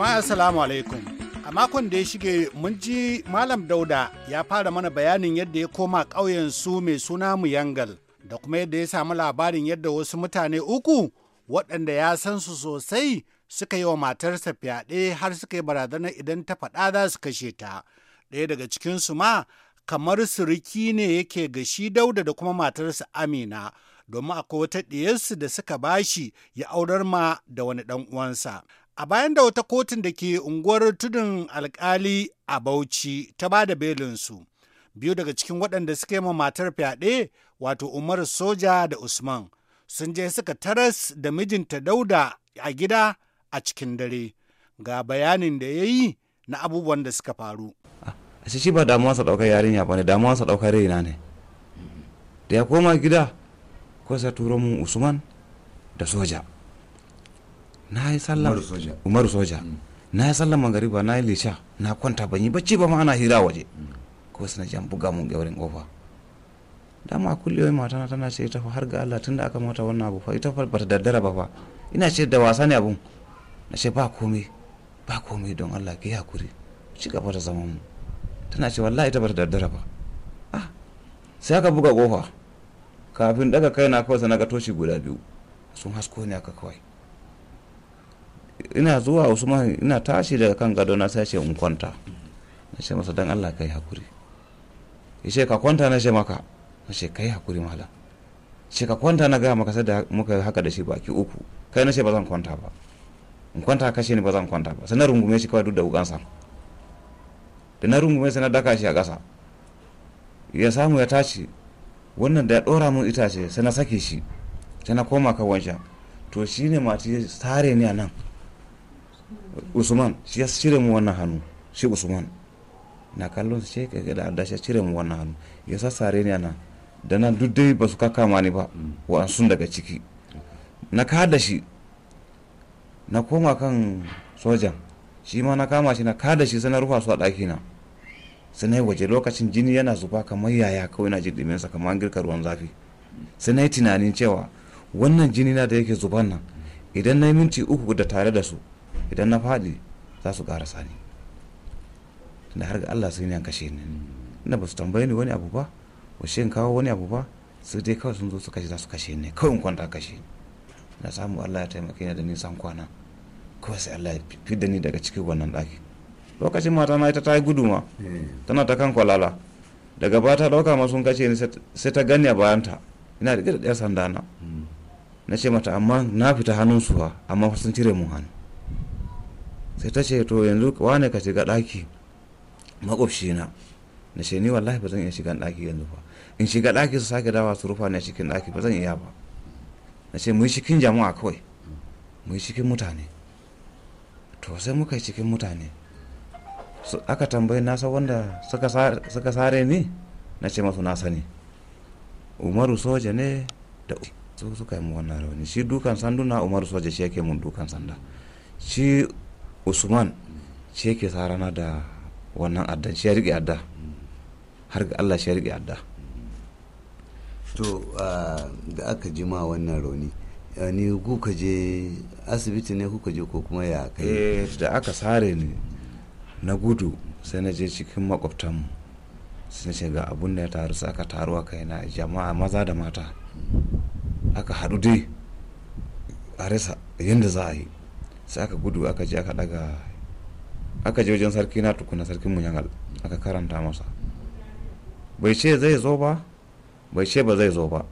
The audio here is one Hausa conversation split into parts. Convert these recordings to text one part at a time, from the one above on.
Jama'a Assalamu alaikum. A makon da ya shige mun ji Malam Dauda ya fara mana bayanin yadda ya koma ƙauyen su mai suna mu yangal da kuma yadda ya samu labarin yadda wasu mutane uku waɗanda ya san su sosai suka yi wa matarsa fyaɗe har suka yi barazanar idan ta faɗa za su kashe ta. Ɗaya daga cikinsu ma kamar suriki ne yake shi dauda da kuma matarsa amina domin akwai wata ɗiyarsu da suka bashi ya aurar ma da wani ɗan uwansa a bayan da wata kotun da ke unguwar tudun alkali a Bauchi ta ba da belinsu. Biyu daga cikin waɗanda suka yi ma matar fyaɗe wato Umar Soja da Usman sun je suka taras da mijinta Dauda a gida a cikin dare. Ga bayanin da ya yi na abubuwan da suka faru. a shi ba damuwa sa ɗaukar yarinya ya ne damuwa sa ɗaukar raina ne. Da ya koma gida ko sa turo mu Usman da Soja. na yi sallah umaru soja mm. na yi sallah mangariba na yi lisha na kwanta ban yi bacci ba ma ana hira waje mm. ko suna jan buga mun gaurin kofa dama kullewai matana tana ce ita har ga Allah tunda aka mata wannan abu fa ita fa bata daddara ba fa ina ce da wasa ne abun na ce ba komai ba komai don Allah ki hakuri ci gaba da zaman mu tana ce wallahi ita bata daddara ba ah sai aka buga kofa kafin daga kai na kawai sai ga toshi guda biyu sun hasko ne aka kawai ina zuwa usman ina tashi daga kan gado na sai ce in kwanta na ce masa dan allah kai hakuri ya ce ka kwanta na ce maka na ce kai hakuri malam ce ka kwanta na gaya maka sai da muka haka da shi baki uku kai na ce ba zan kwanta ba in kwanta kashe ni ba zan kwanta ba sai na rungume shi kawai duk da wukansa da na rungume sai na daka shi a ƙasa ya samu ya tashi wannan da ya ɗora mun itace sai na sake shi sai na koma kan wancan to shine mati sare ni a nan usman shi ya cire mu wannan hannu shi usman na kallon shi ka da shi cire mu wannan hannu ya sa sare ni ana da nan duk dai ba su kama ni ba wa sun daga ciki na kada shi na koma kan sojan shi ma na kama shi na kada shi sai na rufa su a na sai na yi waje lokacin jini yana zuba kamar yaya kawai na ji ɗuminsa kamar an girka ruwan zafi sai na yi tunanin cewa wannan jini na da yake zuban nan idan na yi minti uku da tare da su idan na faɗi za su ƙara sani da har ga Allah sun ne an kashe ni ina ba su tambaye ni wani abu ba ba shi kawo wani abu ba su dai kawai sun zo su kashe za su kashe ni kawai in kwanta kashe ni na samu Allah ya taimake ni da nisan kwana kawai sai Allah ya fidda ni daga cikin wannan ɗaki lokacin mata na ita ta yi guduma hmm. tana ta kan kwalala daga ba ta ɗauka ma sun kashe ni sai ta gani a bayanta ina da ɗaya sandana hmm. na ce mata amma na fita hannun su amma sun cire mun hannu sai ta ce to yanzu wane ka shiga ɗaki makwabci na na ce ni wallahi ba zan iya shiga ɗaki yanzu ba in shiga ɗaki su sake dawa su rufa na cikin ɗaki ba zan iya ba na ce mu yi cikin jama'a kawai mu yi cikin mutane to sai muka yi cikin mutane su aka tambayi nasa wanda suka sare ni na ce masu na sani umaru soja ne da su suka yi mu wannan rauni shi dukan sanduna umaru soja shi yake mun dukan sanda shi usman shi yake sa rana da wannan addan shi ya riƙe adda har ga allah shi ya riƙe adda to da aka ji ma wannan rauni ni kuka je asibiti ne kuka je ko kuma ya kai eh, da aka sare ni na gudu sai na je cikin makwabtanmu sun ce ga abun da ya taru sai aka taru a kaina jama'a maza da mata aka haɗu dai a rasa yadda za a yi sai aka gudu aka je aka daga aka je wajen sarki na tukuna sarkin munyangal aka karanta masa bai ce zai zo ba bai ce ba zai zo ba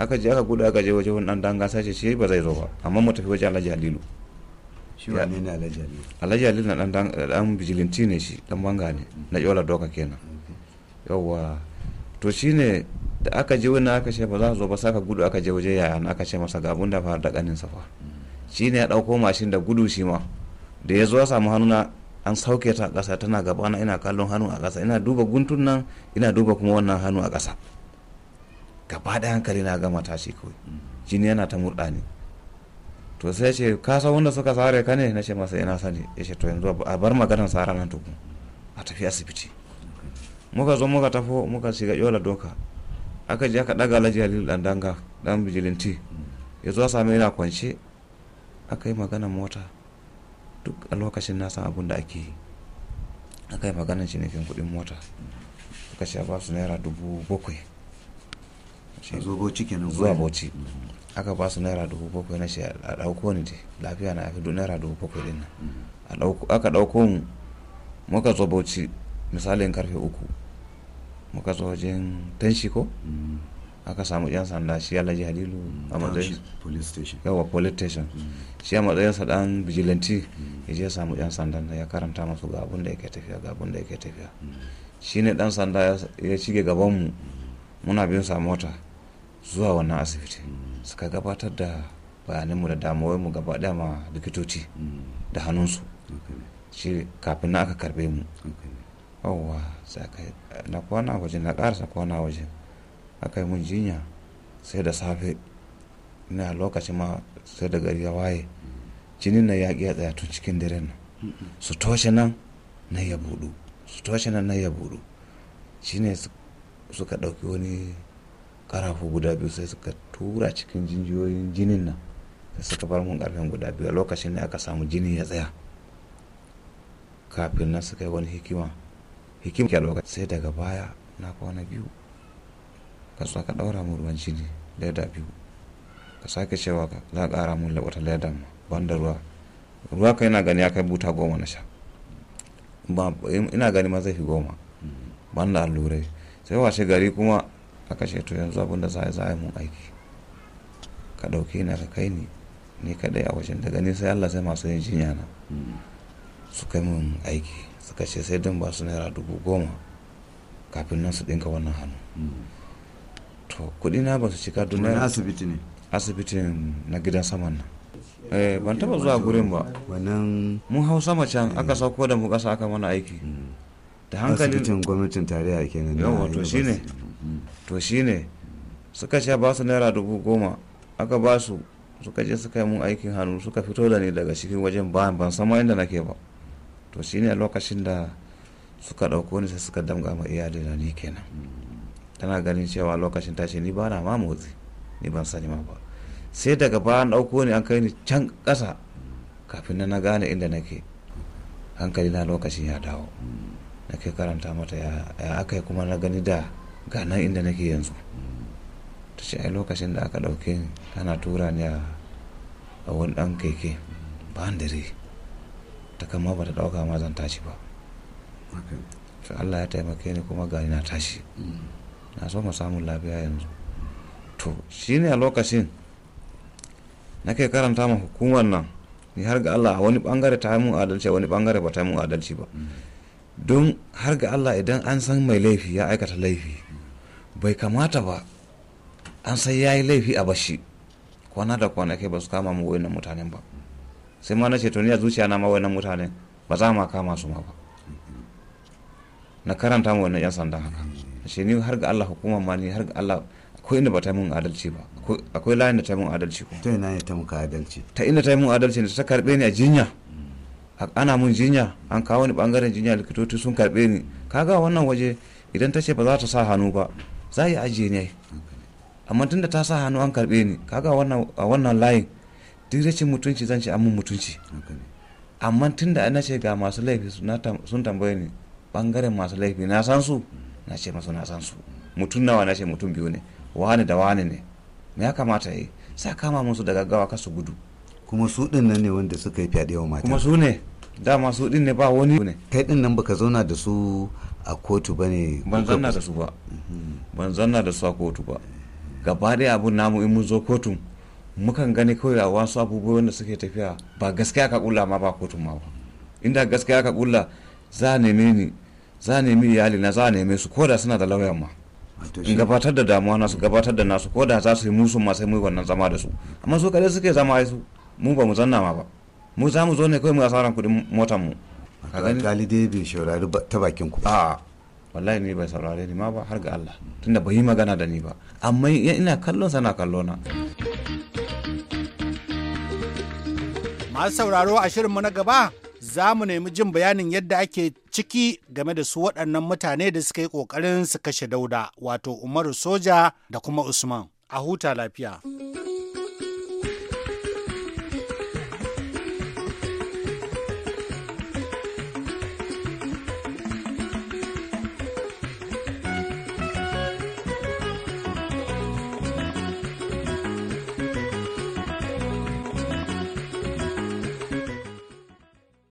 aka je aka gudu aka je wajen wani dan danga sace ce ba zai zo ba amma mu tafi wajen alhaji halilu shi wa ne alhaji halilu alhaji halilu na dan dan bijilinti ne shi dan banga ne na yola doka kenan yawwa to shine da aka je wani aka ce ba za zo ba aka gudu aka je waje yayan aka ce masa ga abun da fara da kanin safa shine ya ɗauko mashin da gudu shi ma da ya zo ya samu hannuna an sauke ta ƙasa tana gabana ina kallon hannu a ƙasa ina duba guntun nan ina duba kuma wannan hannu a ƙasa gaba da hankali na gama tashi kawai jini yana ta murɗa ne to sai ce ka san wanda suka sare ka ne na ce masa ina sani ya ce to yanzu a bar maganar sara nan tukun a tafi asibiti muka zo muka tafo muka shiga yola doka aka je aka daga alhaji halil dan danga dan bijilinti ya zo a sami yana kwance aka yi magana mota duk a lokacin na san abin da ake yi aka yi maganar cinikin kuɗin mota suka ce ba su naira dubu bakwai zuwa bauchi aka ba su naira dubu bakwai na shi a ɗauko ni je lafiya na fi naira dubu bakwai din nan aka ɗauko mu muka zo bauchi misalin karfe uku muka zo wajen tanshi ko mm. aka samu yan sanda shi alhaji halilu a matsayin yawa police station mm. shi a matsayinsa dan vigilante mm. ya je samu yan sanda ya karanta masu ga abun da yake tafiya ga abun da yake tafiya mm. shi ne dan sanda ya shige mu muna bin sa mota zuwa wannan asibiti suka gabatar da mu da mu gaba daya ma likitoci da su. shi kafin na aka karbe mu yawwa na kwana waje na karsa kwana waje aka yi mun jinya sai da safe ina lokacin ma sai da gari ya waye jinin na ya ya tsaya tun cikin dare nan su toshe nan na ya budu su toshe nan na ya budu shine suka ɗauki wani karafu guda biyu sai suka tura cikin jinjiyoyin jinin nan sai suka bar mun karfin guda biyu lokacin ne aka samu jini ya tsaya kafin nan suka yi wani hikima hikima sai daga baya na kwana biyu ka sa ka ɗaura mu ruwan jini leda biyu ka sake cewa ka za ka ƙara mun laɓata ledan ban da ruwa ruwa ka gani ya buta goma na sha ina gani ma zai fi goma ban da allurai sai washe gari kuma A kashe to yanzu abin da za a yi mun aiki ka ɗauke na ka kai ni ni kaɗai a wajen daga ni sai allah sai masu yin jinya na su kai mun aiki suka ce sai don ba su naira dubu goma kafin nan su ɗinka wannan hannu to kuɗi na ba su cika na asibiti ne asibitin na gidan saman nan eh ban taba zuwa gurin ba wannan mun hau sama can aka sauko da mu kasa aka mana aiki hmm. da hankali asibitin gwamnatin tarayya kenan yawa to shine hmm. to shine suka sha ba su naira dubu goma aka ba su suka je suka yi mun aikin hannu suka fito da ni daga cikin wajen bayan ban sama inda nake ba to shine lokacin da suka dauko ni sai suka damga ma iyali da ni kenan hmm. tana ganin cewa lokacin tashi ni ba na ma motsi ni ban sani ma ba sai daga baya an ɗauko ni an kai ni can kasa kafin na gane inda nake hankali na lokacin ya dawo nake karanta mata ya aka yi kuma na gani da ganan inda nake yanzu ta ce ai lokacin da aka ɗauke ni ana tura ni a wani ɗan keke ba dare ta kama ba ta ɗauka ma zan tashi ba Allah ya taimake ni kuma gani na tashi mm. na so mu samu lafiya yanzu to shine a lokacin na ke karanta ma hukumar nan ni har ga Allah wani bangare ta mun adalci wani bangare ba ta mun adalci ba don har ga Allah idan an san mai laifi ya aikata laifi bai kamata ba an sai ya yi laifi a bashi kwana da kwana kai ba su kama mu wayannan mutanen ba sai ma na ce tuni a zuciya na ma wayannan mutanen ba za ma kama su ma ba na karanta mu wannan yan sanda haka ashe ni har ga Allah hukuma ma ni har ga Allah akwai inda ba ta mun adalci ba akwai layin da ta mun adalci ko ta ina ta mun adalci ta ina ta mun adalci ne ta karbe ni a jinya ana mun jinya an kawo ni bangaren jinya likitoci sun karbe ni kaga wannan waje idan ta ce ba za ta sa hannu ba za yi ajiye ne amma tunda ta sa hannu an karbe ni kaga a wannan layin duk rashin mutunci zan ce amma mutunci amma tunda ana ce ga masu laifi sun tambaye ni bangaren masu laifi na san su na ce masu na san su mutum nawa na ce mutum biyu ne wani da wani ne me ya kamata yi sa kama musu da gaggawa ka su gudu kuma su din nan ne wanda suka yi fyaɗe wa mata kuma su ne dama su din ne ba wani ne kai din nan baka zauna da su a kotu ba ne ban zanna da su ba ban zanna da su a kotu ba gaba ɗaya abun namu in mun zo kotun mukan gani kawai a wasu abubuwa wanda suke tafiya ba gaskiya ka kula ma ba kotun ma ba inda gaskiya ka kula za a neme ni za nemi iyali na za neme su ko da suna da lauyan ma in gabatar da damuwa na su gabatar da nasu ko da za su yi musu ma sai mu wannan zama da su amma su kare suke zama su mu ba mu zanna ma ba mu za mu zo ne kawai mu asaran kuɗin motar mu alƙali dai bai saurari ta bakin ku a wallahi ni bai saurare ni ma ba har ga Allah tunda bai yi magana da ni ba amma ina kallon sana kallo na. masu sauraro a shirinmu na gaba za mu nemi jin bayanin yadda ake ciki game da su waɗannan mutane da suka yi ƙoƙarin su kashe dauda wato umaru soja da kuma usman a huta lafiya.